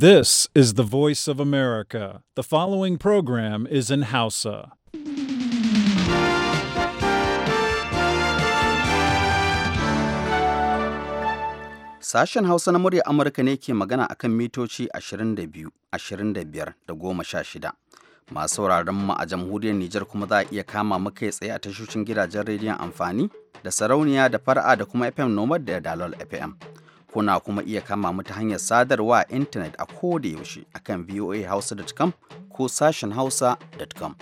This is the voice of America. The following program is in Hausa. Sashen Hausa na murya Amurka ne ke magana a kan mitoci 22, 25 da 16. Masu sauraron mu a jamhuriyar Nijar kuma za a iya kama muka tsaye a tashoshin gidajen rediyon amfani da sarauniya da fara'a da kuma FM Nomad da Dalol FM. Kuna kuma iya kama mu ta hanyar sadarwa a intanet a koda yaushe akan voahausa.com ko sashen hausa.com.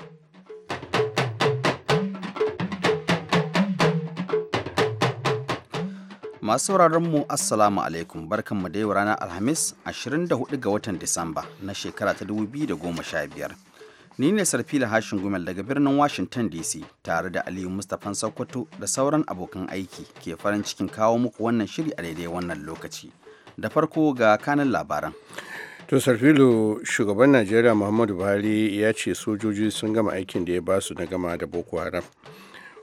Masu mu Assalamu alaikum barkanmu da yau ranar Alhamis 24 ga watan Disamba na shekara ta 2015. Ni ne Sarfila Hashin Gumel daga birnin Washington DC tare da Aliyu Mustapha Sokoto da sauran abokan aiki ke farin cikin kawo muku wannan shiri a daidai wannan lokaci. Da farko ga kanan labaran. To sarfilo shugaban Najeriya Muhammadu Buhari ya ce sojoji sun gama aikin da ya basu na gama da Boko Haram.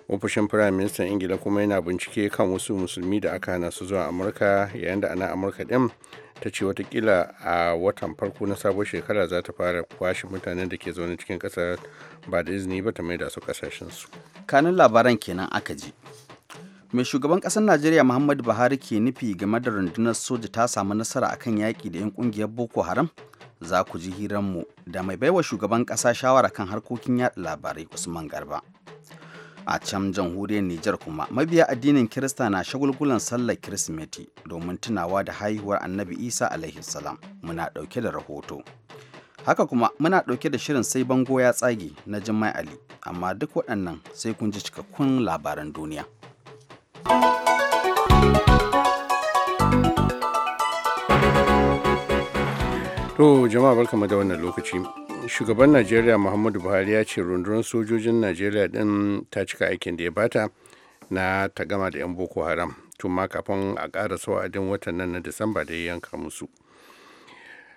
ofishin firaministan ingila kuma yana bincike kan wasu musulmi da aka hana su zuwa amurka yayin da ana amurka din ta ce watakila a watan farko na sabon shekara za ta fara kwashe mutanen da ke zaune cikin kasar ba da izini ba ta mai da su su kanun labaran kenan aka ji mai shugaban kasar najeriya muhammadu buhari ke nufi game da rundunar soja ta samu nasara akan yaki da 'yan kungiyar boko haram za ku ji hiranmu da mai baiwa shugaban ƙasa shawara kan harkokin yaɗa labarai usman garba a can jamhuriyar Nijar kuma mabiya addinin Kirista na shagulgulan sallar Kirsimeti domin tunawa da haihuwar Annabi Isa alaihi salam muna ɗauke da rahoto. Haka kuma muna ɗauke da shirin sai bango ya tsage na Jummai Ali amma duk waɗannan sai kun ji cikakkun labaran duniya. To jama'a barkamu da wannan lokaci. shugaban najeriya muhammadu buhari ya ce rundunar sojojin najeriya din ta cika aikin da ya bata na ta gama da 'yan boko haram tun ma kafin a ƙara wa'adin watan nan na disamba da ya yanka musu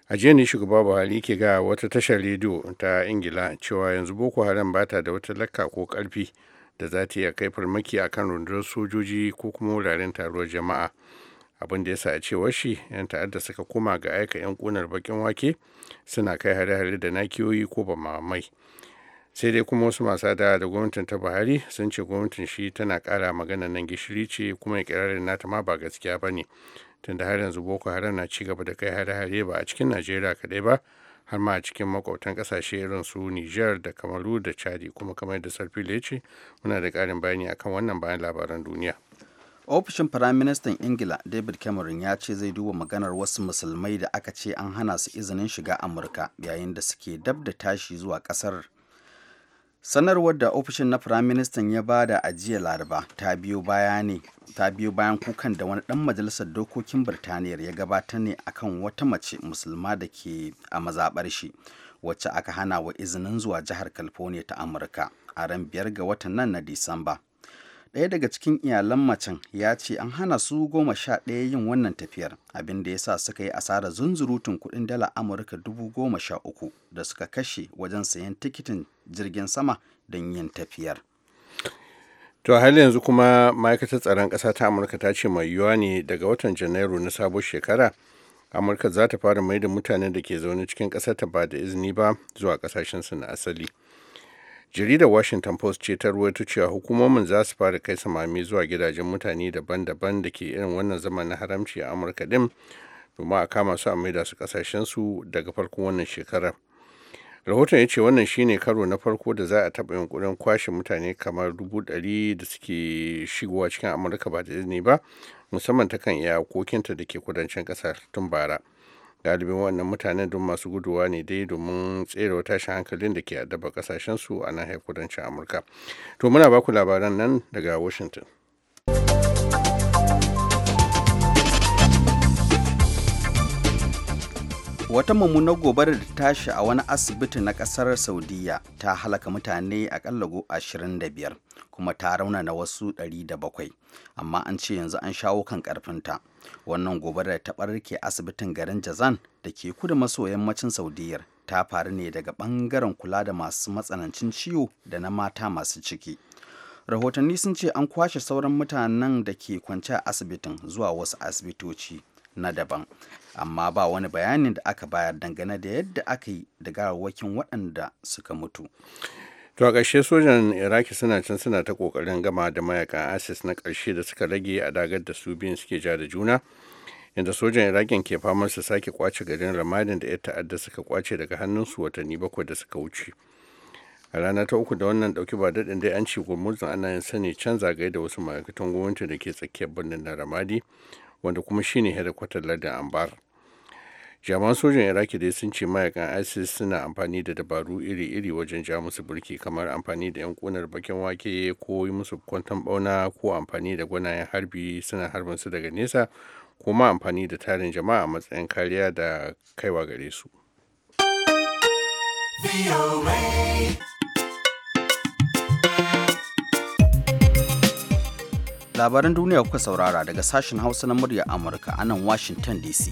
a jiya ne shugaba buhari ke ga wata tashar rediyo ta ingila cewa yanzu boko haram bata da wata lakka ko karfi da za ta iya kai farmaki akan rundunar sojoji ko kuma wuraren taruwar jama'a abin da ya sa a cewa shi 'yan ta'adda suka koma ga aika 'yan kunar bakin wake suna kai hare-hare da nakiyoyi ko ba mamai sai dai kuma wasu masu adawa da gwamnatin ta buhari sun ce gwamnatin shi tana kara magana nan gishiri ce kuma ikirarin nata ma ba gaskiya ba ne tunda har yanzu boko haram na ci gaba da kai hare-hare ba a cikin najeriya kaɗai ba har ma a cikin makwabtan kasashe irin su niger da kamaru da chadi kuma kamar da sarfi ya ce muna da ƙarin bayani akan wannan bayan labaran duniya ofishin firaministan ingila david cameron ya ce zai duba maganar wasu musulmai da aka ce an hana su izinin shiga amurka yayin da suke dab da tashi zuwa kasar sanarwar da ofishin na firaministan ya ba da a jiya laraba ta biyo bayan kukan da wani ɗan majalisar dokokin birtaniyar ya gabata ne akan wata mace musulma da ke a mazaɓar shi wacce aka hana wa izinin zuwa jihar california ta amurka a ran biyar ga watan nan na disamba ɗaya daga cikin iyalan macen ya ce an hana su goma sha ɗaya yin wannan tafiyar abin da ya sa suka yi asara zunzurutun kuɗin dala amurka dubu goma sha uku da suka kashe wajen sayan tikitin jirgin sama don yin tafiyar to har yanzu kuma ma'aikatar tsaron ƙasa ta amurka ta ce mai yiwuwa ne daga watan janairu na sabon shekara amurka za ta fara mai da mutanen da ke zaune cikin ƙasar ta ba da izini ba zuwa ƙasashensu na asali jaridar washington post ce ta ruwaito cewa hukumomin za su fara kai samami zuwa gidajen mutane daban-daban da ke irin wannan zaman na haramci a amurka din domin a kama su a maida su kasashensu daga farkon wannan shekarar rahoton ya ce wannan shine karo na farko da za a taɓa yunkurin kwashe mutane kamar dubu ɗari da suke shigowa cikin amurka ba da izini ba musamman ta kan iyakokinta da ke kudancin ƙasar tun bara galibin wannan mutanen don masu guduwa ne dai domin tsere tashin hankalin da ke kasashen su a nahiyar kudancin amurka to muna baku labaran nan daga washington wata mummunar gobarar da tashi a wani asibiti na kasar saudiya ta halaka mutane akalla go 25 kuma ta rauna na wasu 700 amma an ce yanzu an shawo kan karfinta wannan da ta barke asibitin garin jazan da ke kudu maso yammacin saudiyar ta faru ne daga bangaren kula da masu matsanancin ciwo da na mata masu ciki rahotanni sun ce an kwashe sauran mutanen da ke kwance a asibitin zuwa wasu asibitoci na daban amma ba wani bayanin da aka bayar dangane da yadda aka yi da gawarwakin waɗanda suka mutu to a ƙarshe sojan iraki suna can suna ta ƙoƙarin gama da mayakan isis na ƙarshe da suka rage a dagar da su biyun suke ja da juna inda sojan irakin ke faman su sake kwace garin ramadin da ya ta'adda suka kwace daga hannun su watanni bakwai da suka wuce a rana ta uku da wannan ɗauki ba daɗin dai an ci gurmuzin ana yin sani can zagaye da wasu ma'aikatan gwamnati da ke tsakiyar birnin na ramadi wanda kuma shine hedikwatar lardin ambar jaman sojan iraki dai sun ce mayakan isis suna amfani da dabaru iri-iri wajen ja musu burki kamar amfani da yan kunar bakin wake ko yi musu kwantan bauna ko amfani da gwanayen harbi suna harbin su daga nesa kuma amfani da tarin jama'a matsayin kariya da kaiwa gare su. labaran duniya kuka saurara daga sashen hausa na murya amurka a nan washington dc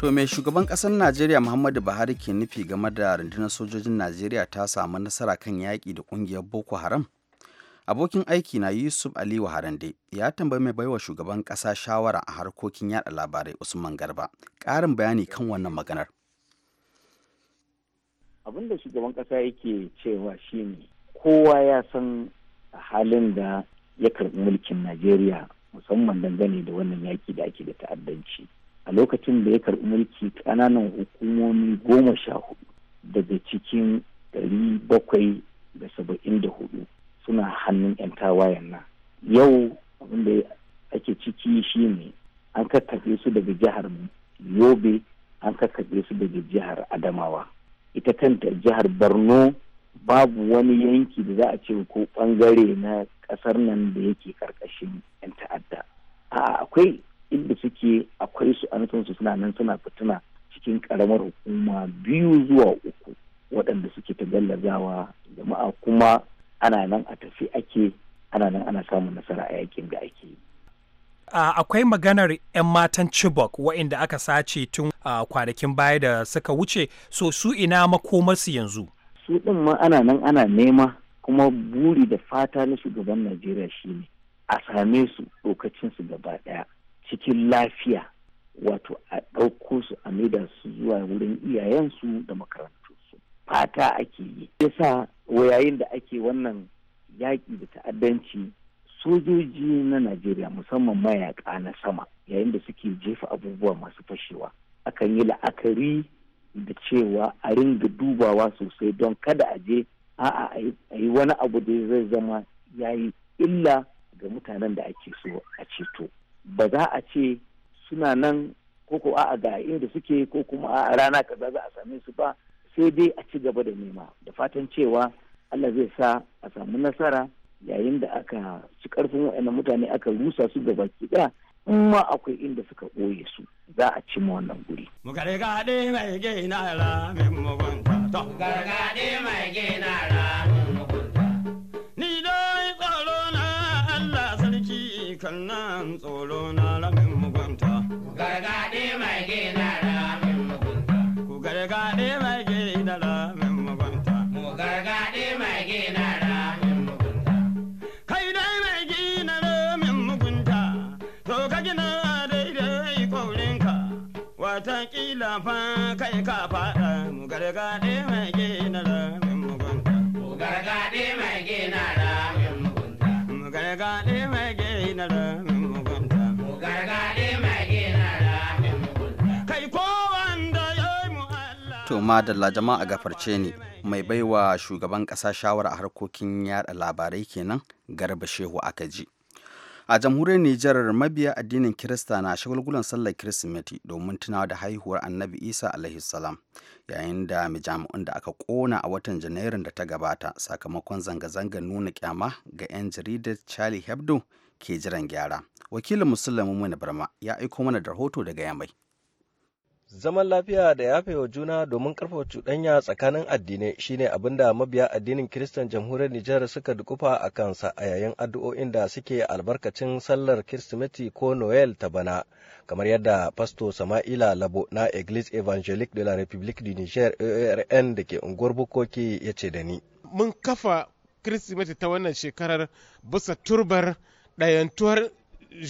to mai shugaban kasar najeriya muhammadu buhari ke nufi game da rundunar sojojin najeriya ta samu nasara kan yaƙi da ƙungiyar boko haram abokin aiki na yusuf aliyu harande ya tambayi mai baiwa shugaban ƙasa shawara a harkokin yada labarai usman garba ƙarin bayani kan wannan maganar abin da shugaban kasa yake cewa shine kowa ya san halin da ya karɓi mulkin najeriya musamman dangane da wannan yaki da ake da ta'addanci a lokacin da ya karɓi mulki ƙananan hukumomi goma sha hudu daga cikin ɗari bakwai da saba'in da hudu suna hannun 'yan tawayen nan yau abin da ake ciki shine an kakkaɓe su daga jihar yobe an kakkaɓe su daga jihar adamawa ita kanta jihar borno babu wani yanki da za a ce ko bangare na kasar nan da yake karkashin yan ta'adda a akwai inda suke akwai su an san su suna nan suna fituna cikin karamar hukuma biyu zuwa uku waɗanda suke ta gallazawa jama'a kuma ana nan a tafi ake ana nan ana samun nasara a yakin da ake yi Uh, akwai maganar 'yan matan Chibok wa'inda aka sace tun uh, kwanakin baya da suka wuce so su ina makomarsu yanzu. Su ɗin ma ana nan ana nema kuma buri da fata na shugaban Najeriya shine a same su su gaba ɗaya cikin lafiya wato a ɗauko su a maida su zuwa wurin iyayensu da makarantunsu fata ake yi yasa wayayin da ake wannan yaƙi da ta'addanci sojoji na najeriya musamman mayaka na sama yayin da suke jefa abubuwa masu fashewa akan yi la'akari da cewa a ringa dubawa sosai don kada a je a'a a yi wani abu da zai zama ya yi illa ga mutanen da ake so a ceto ba za a ce suna nan ko ko a'a ga inda suke ko kuma a'a rana kaza za a same su ba sai dai a ci gaba da nema da fatan cewa allah zai sa a samu nasara yayin da aka ci karfin waɗannan mutane aka rusa su gaba ɗaya in ma akwai inda suka ɓoye su za a ci ma wannan guri. Gargaɗe mai gina ra min mugunta. Gargaɗe mai gina ra min mugunta. Ni dai tsoro na Allah sarki kan nan tsoro na ra min mugunta. Gargaɗe mai gina ra madalla jama'a gafarce ne mai baiwa shugaban ƙasa shawara a harkokin yada labarai kenan garba shehu aka ji. a jamhuriyar Nijar mabiya addinin Kirista na shagulgulan sallar Kirsimeti domin tunawa da haihuwar Annabi Isa alaihi salam yayin da mijami'un da aka kona a watan Janairun da ta gabata sakamakon zanga zanga nuna kyama ga 'yan jaridar Charlie Hebdo ke jiran gyara. Wakilin musulman muna Barma ya aiko mana da rahoto daga Yamai. zaman lafiya da wa juna domin karfafa cuɗanya tsakanin addinai shine abin da mabiya addinin kiristan jamhuriyar nijar suka dukufa a kansa a yayin addu'o'in da suke albarkacin sallar kirsimeti ko noel ta bana kamar yadda pasto sama'ila labo na eglise evangelique de la republique du niger aorn da ke unguwar bukoki ya ce da ni mun kafa kirsimeti ta wannan shekarar bisa turbar ɗayantuwar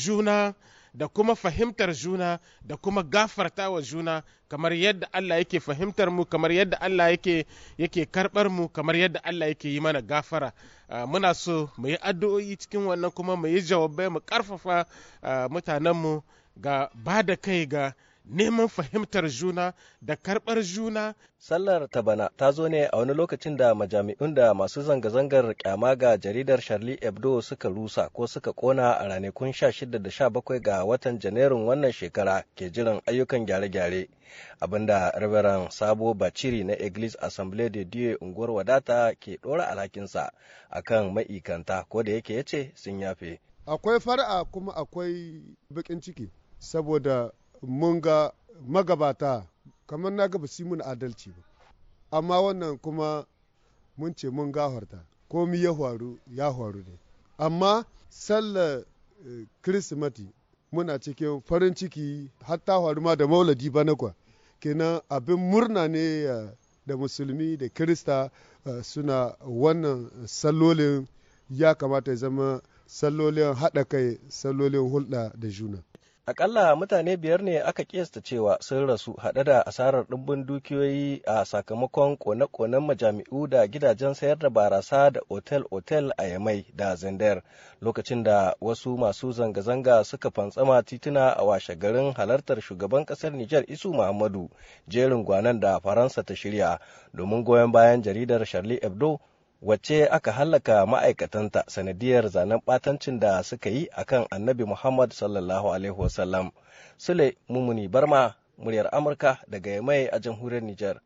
juna da kuma fahimtar juna da kuma gafarta wa juna kamar yadda Allah yake fahimtar mu kamar yadda Allah yake yake karbar mu kamar yadda Allah yake yi mana gafara ah, muna so mu yi addu'o'i cikin wannan kuma mu yi jawabai mu karfafa ah, mutanen mu ga ba da kai ga neman fahimtar juna da karɓar juna. Sallar ta bana ta zo ne a wani lokacin da majami'un da masu zanga-zangar kyama ga jaridar Charlie Hebdo suka rusa ko suka kona a ranakun 16 da 17 ga watan Janairun wannan shekara ke jiran ayyukan gyare-gyare. Abinda Reverend Sabo Baciri na Eglise Assemblée de Dieu unguwar wadata ke ɗora alhakinsa kan ma'ikanta ko da yake ya ce sun yafe. Akwai fara'a kuma akwai bakin ciki saboda mun ga magabata kamar na gaba su mun adalci ba amma wannan kuma mun ce mun gafarta komi ya faru ya faru ne amma sallar eh, kirsimati muna cikin farin ciki hatta faru ma da mauladi ba na kwa kenan abin murna ne eh, da musulmi da kirista eh, suna wannan sallolin ya kamata ya zama sallolin haɗa kai sallolin hulɗa da juna Akalla mutane biyar ne aka kiyasta cewa sun rasu hade da asarar ɗumbin dukiyoyi a sakamakon kone-konen majami'u da gidajen sayar da barasa da otel-otel a Yamai da zender lokacin da wasu masu zanga-zanga suka fantsama tituna a washe garin halartar shugaban kasar Nijar Isu Muhammadu jerin gwanan da Faransa ta shirya domin goyon bayan jaridar Charlie Hebdo wacce aka hallaka ma'aikatanta sanadiyar zanen batancin da suka yi akan annabi Muhammad sallallahu Alaihi wasallam. Sule Mumuni Barma, muryar Amurka daga Yamai a jamhuriyar Nijar.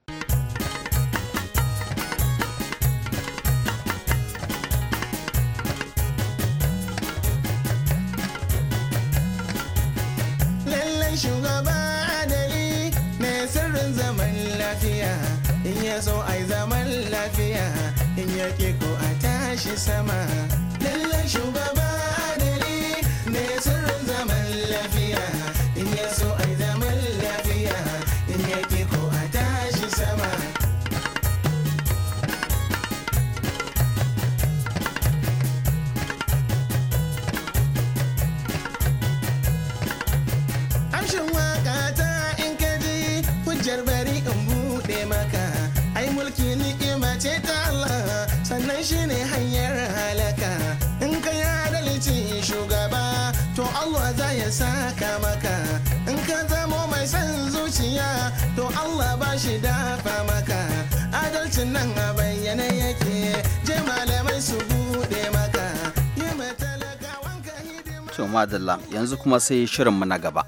madalla yanzu kuma sai shirinmu na gaba.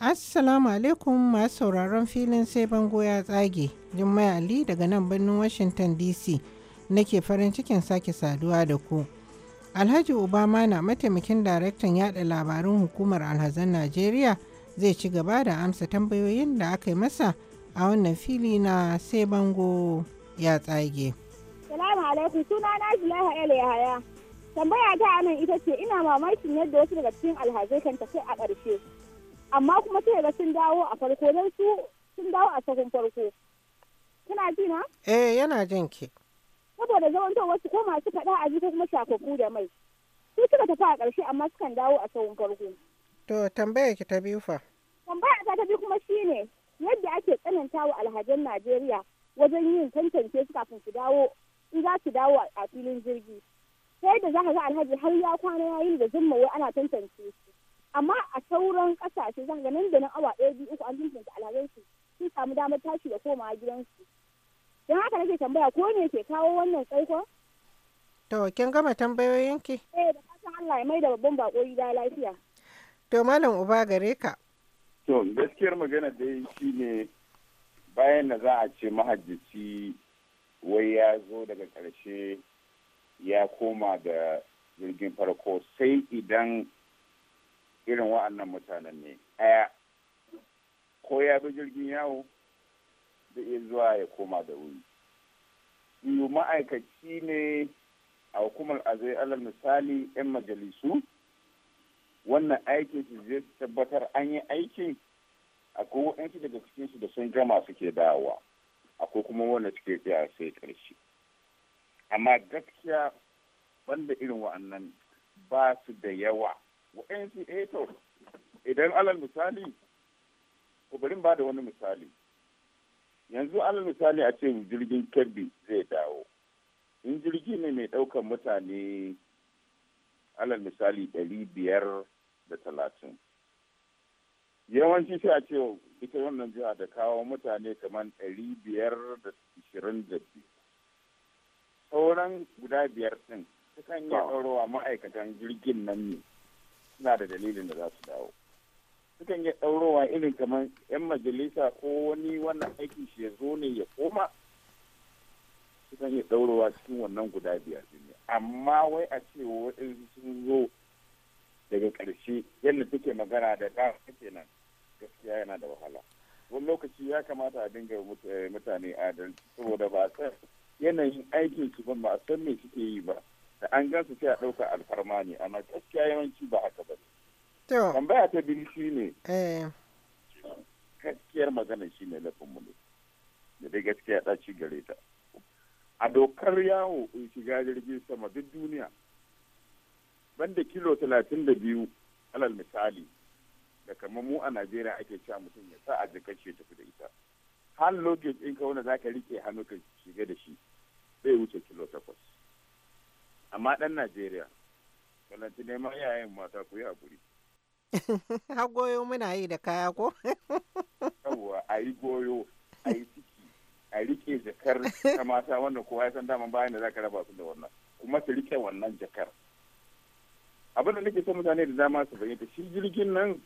Assalamu alaikum masu sauraron filin sai bango ya tsage. Jummai Ali daga nan birnin Washington DC nake farin cikin sake saduwa da ku. Alhaji Obama na mataimakin daraktan yada labarun hukumar alhazan Najeriya zai ci gaba da amsa tambayoyin da aka yi masa a wannan fili na sai bango ya tsage. Salamu alaikum suna na Zulaha El Yahaya. Tambaya ta anan ita ce ina mamakin yadda wasu daga cikin alhazai kan tafi a ƙarshe. Amma kuma sai ga sun dawo a farko don su sun dawo a sakon farko. Kina ji na? Eh yana jin ki. Saboda to wasu ko masu faɗa a ji ko kuma shafafu da mai. Su suka tafi a ƙarshe amma sukan dawo a sakon farko. To tambaya ki ta biyu fa. Tambaya ta ta biyu kuma shine yadda ake tsananta wa alhajan najeriya wajen yin tantance su kafin su dawo in za su dawo a filin jirgi sai da za ka ga alhaji har ya kwana ya yi da zumma wai ana tantance su amma a sauran kasashe za ga nan da nan awa ɗaya biyu uku an tantance alhajan su sun samu damar tashi da komawa gidansu don haka nake tambaya ko ne ke kawo wannan tsaiko? To, kin gama tambayoyinki? Eh, da fatan Allah ya mai da babban bako gida lafiya. To, Malam Uba gare ka. To gaskiyar magana dai shi ne bayan da za a ce mahajjaci wai ya zo daga ƙarshe ya koma da jirgin farko sai idan irin wa'annan mutanen ne. Aya, ko ya bi jirgin yawo da iya zuwa ya koma da wuri. Biyu ma'aikaci ne a hukumar azai alal misali 'yan majalisu. wannan aikin su zai tabbatar an yi aikin akwai waɗansu daga cikin su da sun gama suke dawowa akwai kuma wanda suke tsaya sai ƙarshe amma gaskiya banda irin wa'annan ba su da yawa waɗansu eto eh idan alal misali ku bari ba da wani misali yanzu alal misali a ce jirgin kirby zai dawo in jirgi ne mai ɗaukar mutane alal misali ɗari biyar da talatin yawanci sai a ce ita wannan jiha da kawo mutane kamar ɗari biyar da ashirin da biyu sauran guda biyar ɗin sukan iya ɗaurowa ma'aikatan jirgin nan ne suna da dalilin da za su dawo sukan iya ɗaurowa irin kamar 'yan majalisa ko wani wannan aiki shi ya zo ne ya koma sukan iya ɗaurowa cikin wannan guda biyar amma wai a ce waɗansu sun zo daga ƙarshe yadda take magana da ɗan kenan gaskiya yana da wahala wani lokaci ya kamata a dinga eh, mutane adalci saboda ba a san yanayin aikin su ba ba a san me suke yi ba da an gansu sai a ɗauka alfarma ne amma gaskiya yawanci ba haka ba tambaya ta biyu shi ne eh. gaskiyar magana shi ne mu ne da dai gaskiya ci gare ta a dokar yawo shiga jirgin sama duk duniya da kilo talatin da biyu alal misali da kamar mu a najeriya ake cewa mutum ya sa a jikin shi tafi da ita har luggage in ka wanda za ka rike hannu ka shiga da shi zai wuce kilo takwas amma ɗan najeriya kalanci neman yayan mata ku yi haƙuri ha goyo muna yi da kaya ko yawwa a yi goyo a yi ciki a rike jakar ta mata wanda kowa ya san daman bayan da za ka raba su da wannan kuma su rike wannan jakar abin da nake so mutane da dama su fahimta shi jirgin nan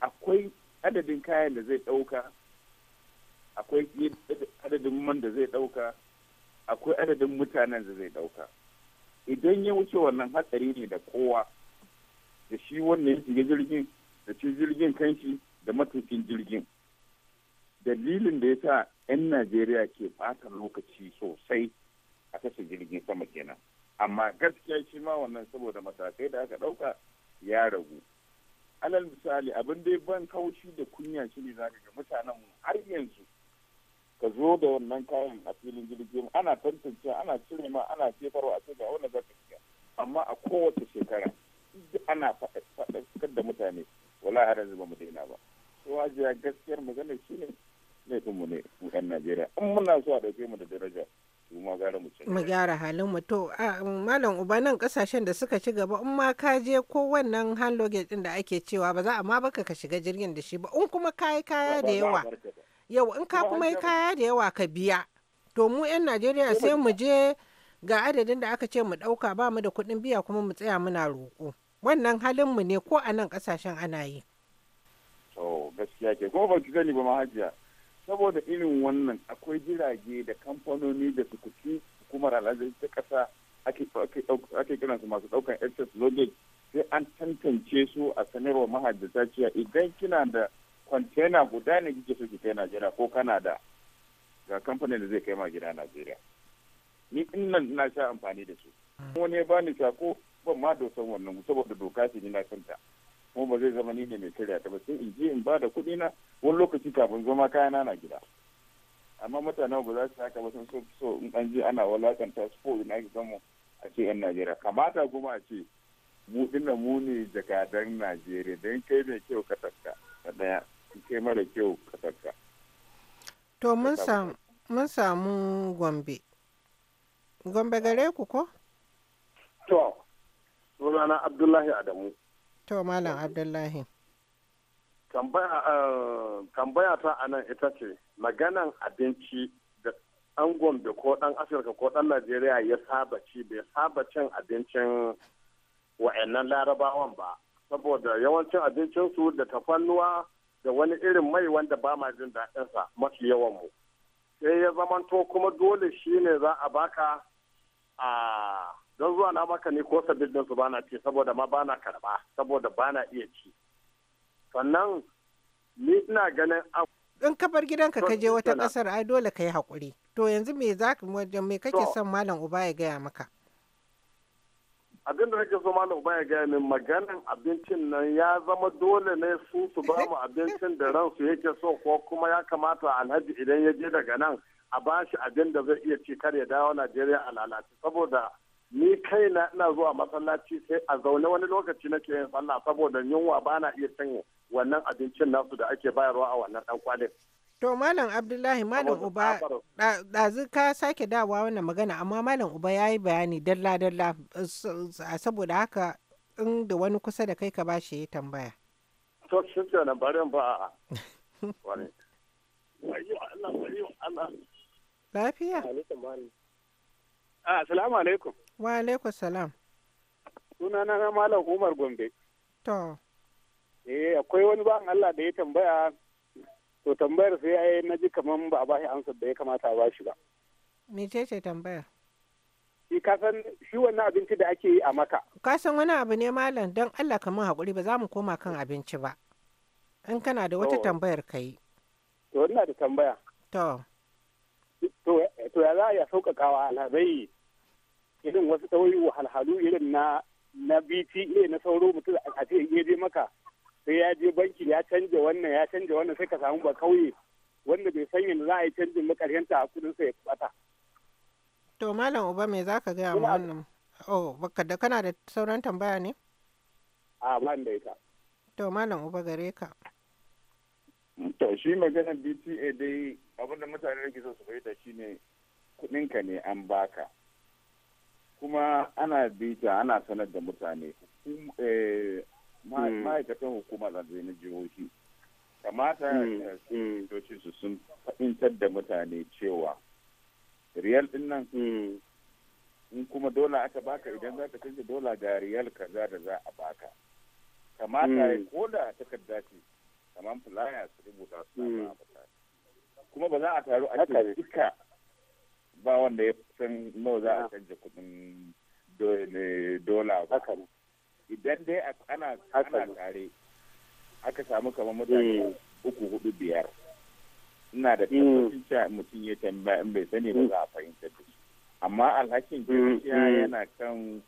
akwai adadin kayan da zai ɗauka akwai adadin man da zai ɗauka akwai adadin mutanen da zai ɗauka idan ya wuce wannan hatsari ne da kowa da shi wannan ya shiga jirgin da shi jirgin kanshi da matukin jirgin dalilin da ya sa 'yan najeriya ke fata lokaci sosai a kasa jirgin sama kenan amma gaskiya shi ma wannan saboda matakai da aka ɗauka ya ragu alal misali abin dai ban kaushi da kunya shi ne za ga mutanen har yanzu ka zo da wannan kayan a filin jirgin ana tantance ana cire ma ana jefarwa a cikin wani zaka amma a kowace shekara ana faɗaɗar da mutane wala har yanzu ba mu daina ba to ajiya gaskiyar magana shine laifinmu ne mu 'yan najeriya in muna so a ɗauke mu da daraja mu gyara halin mu to malam uba nan kasashen da suka ci gaba in ma ka je ko wannan hand luggage din da ake cewa ba za a ma baka ka shiga jirgin da shi ba in kuma ka yi kaya da yawa yau in ka kuma yi kaya da yawa ka biya to mu yan Najeriya sai mu je ga adadin da aka ce mu ɗauka ba mu da kuɗin biya kuma mu tsaya muna roƙo wannan halin mu ne ko a nan kasashen ana yi to gaskiya ke ko ba ki gani ba ma hajiya saboda irin wannan akwai jirage da kamfanoni da sukuci hukumar alhazari ta ƙasa ake kiran su masu ɗaukan excess luggage sai an tantance su a sanarwa mahajjata cewa idan kina da kwantena guda ne kike so ki kai Najeriya ko Canada ga kamfanin da zai kai ma gida Najeriya. Ni nan na sha amfani da su. Wani ya bani sako ban ma dosan wannan saboda doka ce ni na kanta. kuma ba zai zama ni ne mai karya ta ba sai in je in ba da kuɗi na wani lokaci kafin zama kayana na gida amma mutane ba za su haka ba sun so in an je ana walakanta su ko ina ki a ce yan najeriya kamata kuma a ce mu dinna mu ne jakadan najeriya don kai mai kyau ka tafka da daya kai mara kyau ka tafka to mun samu gombe gombe gare ku ko to sunana abdullahi adamu To Malam Abdullahi. Tambaya eh, ta a nan ita ce, maganan abinci da ɗan Gombe ko dan Afirka ko dan Najeriya ya saba ci bai saba cin abincin wa'annan larabawan ba. Saboda yawancin abincin su da tafannuwa da wani irin mai wanda ba ma jin daɗinsa mafi yawan mu Sai ya zamanto kuma dole shine za a baka a don zuwa na maka ne ko sabbin din su bana ce saboda ma bana karba saboda bana iya ci sannan ni ina ganin in ka bar gidanka ka je wata kasar ai dole ka yi hakuri to yanzu me za ka me kake son malam uba ya gaya maka abin da nake so malam uba ya gaya min maganan abincin nan ya zama dole ne su su ba mu abincin da ransu yake so ko kuma ya kamata alhaji idan ya je daga nan a ba shi abin da zai iya ci kar ya dawo najeriya a lalace saboda ni kaina ina zuwa masallaci sai a zaune wani lokaci nake yin sallah saboda yunwa ba na iya cin wannan abincin nasu da ake bayarwa a wannan dan kwalin. To Malam Abdullahi Malam Uba ɗazu ka sake dawa wannan magana amma Malam Uba ya yi bayani dalla dalla saboda haka in da wani kusa da kai ka ba shi ya tambaya. To shi ce nan bari ba a Lafiya. Ah, assalamu alaikum. Wa alaikum salam. Sunana na Malam Umar Gombe. To. Eh akwai wani ba Allah da ya tambaya to tambayar sai ai na ji kamar ba a bashi amsar da ya kamata a bashi ba. Mece ce tambaya? Shi kasan shi wannan abinci da ake yi a maka. Kasan wani abu ne malam don Allah ka mun haƙuri ba za mu koma kan abinci ba. In kana da wata tambayar ka yi. To ina da tambaya. To. To ya za a sauƙaƙawa alhazai irin wasu tsawoyi wahalhalu irin na na BTA na sauro mutum a ce ya je maka sai ya je banki ya canja wannan ya canja wannan sai ka samu ba kauye wanda bai san yadda za a yi canjin makarhenta a kudin sa ya bata. To malam uba me zaka gaya mu wannan? Oh, baka da kana da sauran tambaya ne? A man da ita. To malam uba gare ka. To shi magana BTA dai abinda mutane da ke so su fahimta shine kuɗinka ne an baka. kuma ana bita ana sanar da mutane eh, hmm. ma'aikatan hukumar zanzai na jihohi kamata doci hmm. eh, hmm. su sun fahimtar da mutane cewa riyal din nan in kuma dola aka baka idan za ka canza dola ga riyal kaza da za a baka kamata ya koda takarda ce kamar fulaya su rubuta su a mutane kuma ba za a taru a duka ba wanda ya san nawa za a ah. canja kudin eh, dola ba idan dai ana tsare aka samu kamar mutane hmm. uku hudu biyar ina da hmm. tabbacin cewa mutum ya tambaya in bai sani ba hmm. za a fahimtar da shi amma alhakin gaskiya yana kan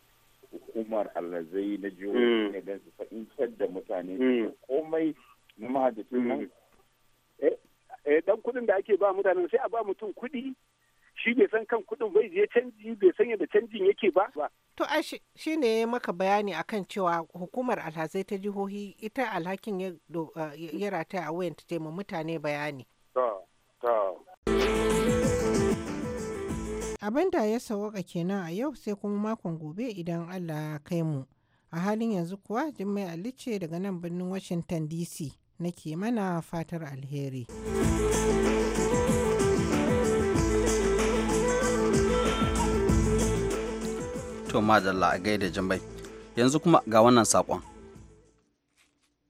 hukumar alhazai na jihohi ne don su fahimtar da mutane komai na mahajjacin nan eh, eh dan kudin da ake ba mutanen sai a ba mutum kudi shi bai san kan kuɗin bai je canji bai san yadda canjin yake ba. To shi ne maka bayani akan cewa hukumar alhazai ta jihohi ita alhakin ya rataya a wayan ta ma mutane bayani. Abin da ya sawaka kenan a yau sai kuma makon gobe idan Allah ya kai mu. A halin yanzu kuwa Jummai Ali ce daga nan birnin Washington DC nake mana fatar alheri. to majalla a gaida jimbai yanzu kuma ga wannan sakon.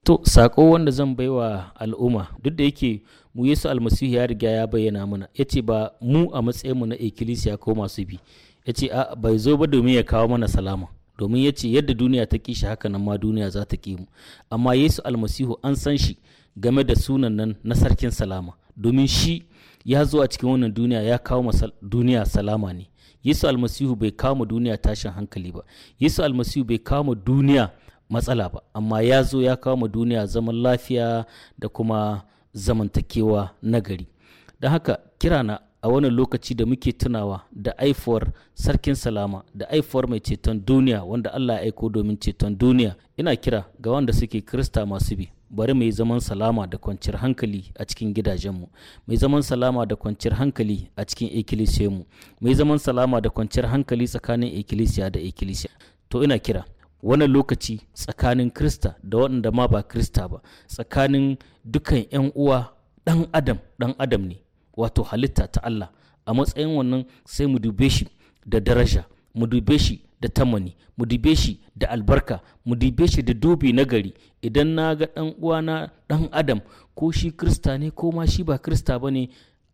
to saƙo wanda zan baiwa al'umma duk da yake mu yesu almasihu ya riga ya bayyana mana ya ce ba mu a matsayinmu na ikkilisiya ko masu bi ya ce a bai zo ba domin ya kawo mana salama domin ya ce yadda duniya ta ƙi shi haka nan ma duniya za ta ƙi mu amma yesu almasihu an san shi game da sunan nan na sarkin salama domin shi ya zo a cikin wannan duniya ya kawo duniya salama ne yesu almasihu bai kama duniya tashin hankali ba yesu almasihu bai kama duniya matsala ba amma ya zo ya kama duniya zaman lafiya da kuma zamantakewa nagari don haka kirana a wannan lokaci da muke tunawa da aifuwar sarkin salama da aifuwar mai ceton duniya wanda Allah ya aiko domin ceton duniya ina kira ga wanda suke krista masu bi bari mai zaman salama da kwanciyar hankali a cikin gidajenmu mai zaman salama da kwanciyar hankali a cikin ikilisiyarmu mai zaman salama da kwanciyar hankali tsakanin ikilisiya da ikilisiya to ina kira wannan lokaci tsakanin krista da waɗanda ma ba krista ba tsakanin dukan 'yan uwa ɗan adam ɗan adam ne wato halitta ta Allah a matsayin wannan sai mu dube shi da daraja mu dube shi da tamani mu dube shi da albarka mu dube shi da dubi na gari idan na ga ɗan uwana ɗan adam ko shi krista ne ko ma shi ba krista ba ne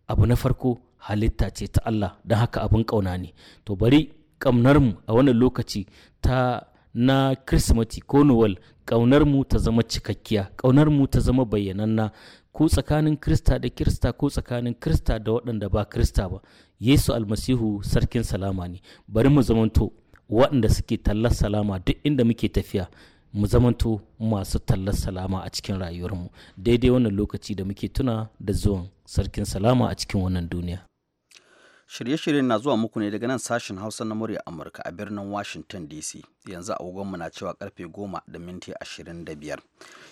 abu na farko halitta ce ta Allah don haka abin ƙauna ne to bari mu a wannan lokaci ta na kirsimati ko noel mu ta zama cikakkiya mu ta zama bayyananna ko tsakanin kirista da kirista ko tsakanin kirista da waɗanda ba kirista ba Yesu almasihu sarkin salama ne bari mu zamanto waɗanda suke tallar salama duk inda muke tafiya mu zamanto masu tallar salama a cikin rayuwarmu daidai wannan lokaci da muke tuna da zuwan sarkin salama a cikin wannan duniya Shirye-shiryen na zuwa muku ne daga nan sashen Hausa na murya Amurka a birnin Washington DC. Yanzu a agogonmu na cewa karfe goma da minti ashirin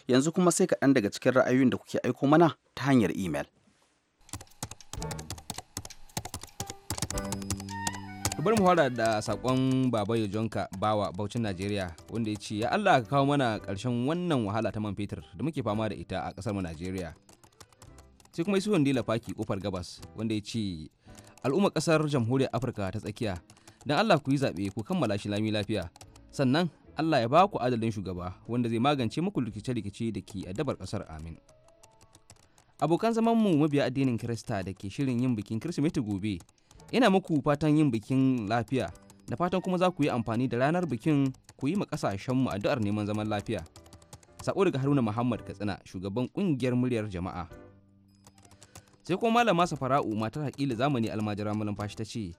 Yanzu kuma sai kaɗan daga cikin ra'ayoyin da kuke aiko mana ta hanyar imel. bari mu fara da sakon baba jonka bawa baucin najeriya wanda ya ce ya allah ka kawo mana karshen wannan wahala ta man fetur da muke fama da ita a kasar mu najeriya sai kuma isuhun dila faki kofar gabas wanda ya ce al'ummar kasar jamhuriyar afirka ta tsakiya don allah ku yi zaɓe ku kammala shi lami lafiya sannan allah ya ba ku adalin shugaba wanda zai magance muku rikice-rikice da ke dabar kasar amin abokan zaman mu mabiya addinin kirista da ke shirin yin bikin kirsimeti gobe ina muku fatan yin bikin lafiya da fatan kuma za ku yi amfani da ranar bikin ku yi ma kasashenmu addu'ar neman zaman lafiya sako daga haruna muhammad katsina shugaban kungiyar muryar jama'a sai kuma malama safara'u matar hakila zamani almajira Fashi ta ce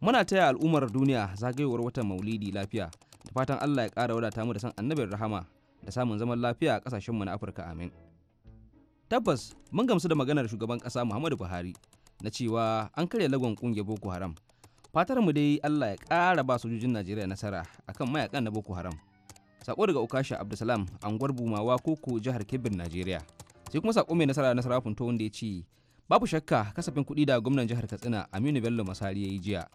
muna taya al'ummar duniya zagayowar watan maulidi lafiya da fatan allah ya ƙara wadata mu da san annabin rahama da samun zaman lafiya a ƙasashenmu na afirka amin tabbas mun gamsu da maganar shugaban ƙasa muhammadu buhari na cewa an karya lagon ƙungiyar boko haram fatar mu dai allah ya ƙara ba sojojin najeriya nasara akan mayakan na boko haram sako daga ukasha abdulsalam anguwar bumawa koko jihar kebbin najeriya sai kuma sako mai nasara nasara funto wanda ya ce babu shakka kasafin kuɗi da gwamnan jihar katsina aminu bello masari ya yi jiya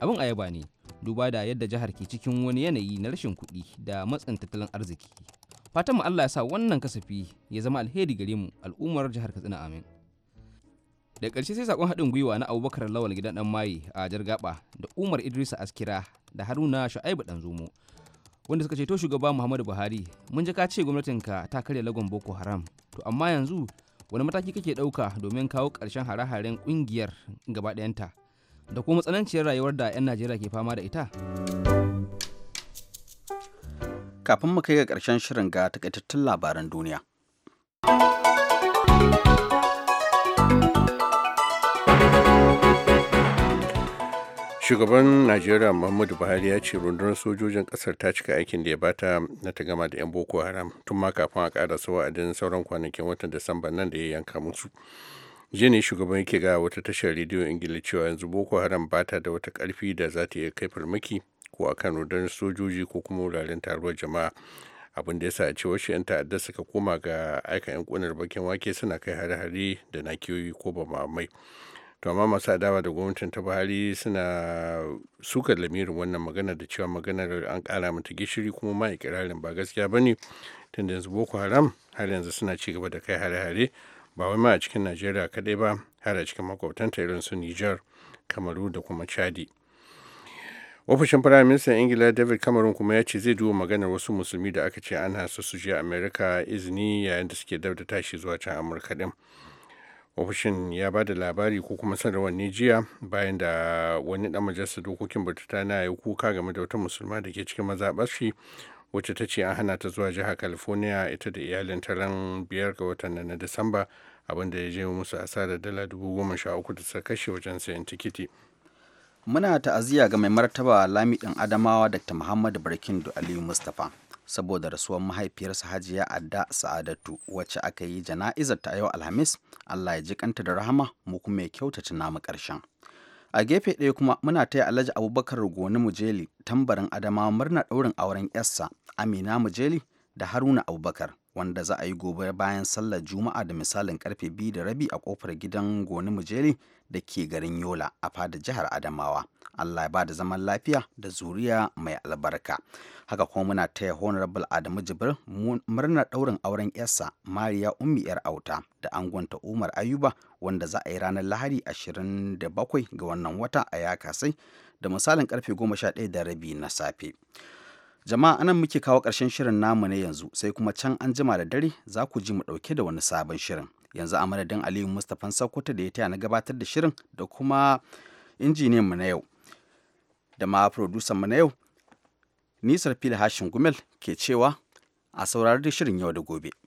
abin yaba ne duba da yadda jihar ke cikin wani yanayi na rashin kuɗi da matsin tattalin arziki fatan mu allah ya sa wannan kasafi ya zama alheri gare mu al'ummar jihar katsina amin da ƙarshe sai saƙon haɗin gwiwa na abubakar lawal gidan ɗan maye a jargaba da umar idrisa askira da haruna ɗan zomo wanda suka ceto shugaba muhammadu buhari mun ji ka ce gwamnatinka ta karya lagon boko haram to amma yanzu wani mataki kake ɗauka domin kawo ƙarshen hare-haren ƙungiyar gaba ɗayanta da kuma matsananciyar rayuwar da 'yan najeriya ke fama da ita kafin mu kai ga karshen shirin ga takaitattun labaran duniya shugaban najeriya muhammadu buhari ya ce rundunar sojojin kasar ta cika aikin da ya bata na ta gama da 'yan boko haram tun ma kafin a kara su wa'adin sauran kwanakin watan disamba nan da ya yanka musu jiya ne shugaban yake ga wata tashar rediyo ingila cewa yanzu boko haram bata da wata karfi da za ta iya kai farmaki ko a kan rundunar sojoji ko kuma wuraren taruwar jama'a abin da ya sa ce wasu 'yan ta'adda suka koma ga aika 'yan kunar bakin wake suna kai hare-hare da nakiyoyi ko ba mamai to amma masu adawa da gwamnatin ta buhari suna sukar lamirin wannan magana da cewa maganar an kara mata gishiri kuma ma ikirarin ba gaskiya ba ne tun da yanzu boko haram har yanzu suna ci gaba da kai hare-hare ba wai ma a cikin najeriya kadai ba har a cikin makwabtanta irin su nijar kamaru da kuma chadi ofishin firayim ministan ingila david cameron kuma ya ce zai duba maganar wasu musulmi da aka ce an hasa su je amerika izini yayin da suke dab tashi zuwa can amurka din ofishin ya ba da labari ko kuma sanarwar ne jiya bayan da wani dan majalisar dokokin batuta na ya kuka game da wata musulma da ke cikin mazaɓarshi wacce ta ce an hana ta zuwa jihar california ita da iyalin ta ran biyar ga watan na disamba abinda ya je musu asarar dala dubu goma sha uku da suka kashe wajen sayan tikiti muna ta'aziyya ga mai martaba lamiɗin adamawa dr muhammadu barkindo aliyu mustapha saboda rasuwar mahaifiyarsa hajiya adda sa'adatu wacce aka yi jana'izar ta yau alhamis allah ya ji kanta da rahama mu kuma ya kyautata namu ƙarshen a gefe ɗaya kuma muna taya alhaji abubakar goni mujeli tambarin adama murna ɗaurin auren yarsa amina mujeli da haruna abubakar wanda za a yi gobe bayan sallar juma'a da misalin karfe biyu da rabi a kofar gidan goni mujeli da ke garin yola a fada jihar adamawa Allah ya ba da zaman lafiya da zuriya mai albarka. Haka kuma muna taya Honorable Adamu Jibril murnar ɗaurin auren yarsa Mariya Ummi ‘yar auta da angonta Umar Ayuba wanda za a yi ranar Lahadi 27 ga wannan wata a Yakasai da misalin karfe 11 da rabi na safe. Jama'a anan muke kawo ƙarshen shirin namu ne yanzu sai kuma can an jima da dare za ku ji mu ɗauke da wani sabon shirin. Yanzu a madadin Aliyu Mustapha Sokoto da ya taya na gabatar da shirin da kuma injiniyan mu na yau. da ma producer mu na yau nisar fili hashin gumel ke cewa a saurari shirin yau da gobe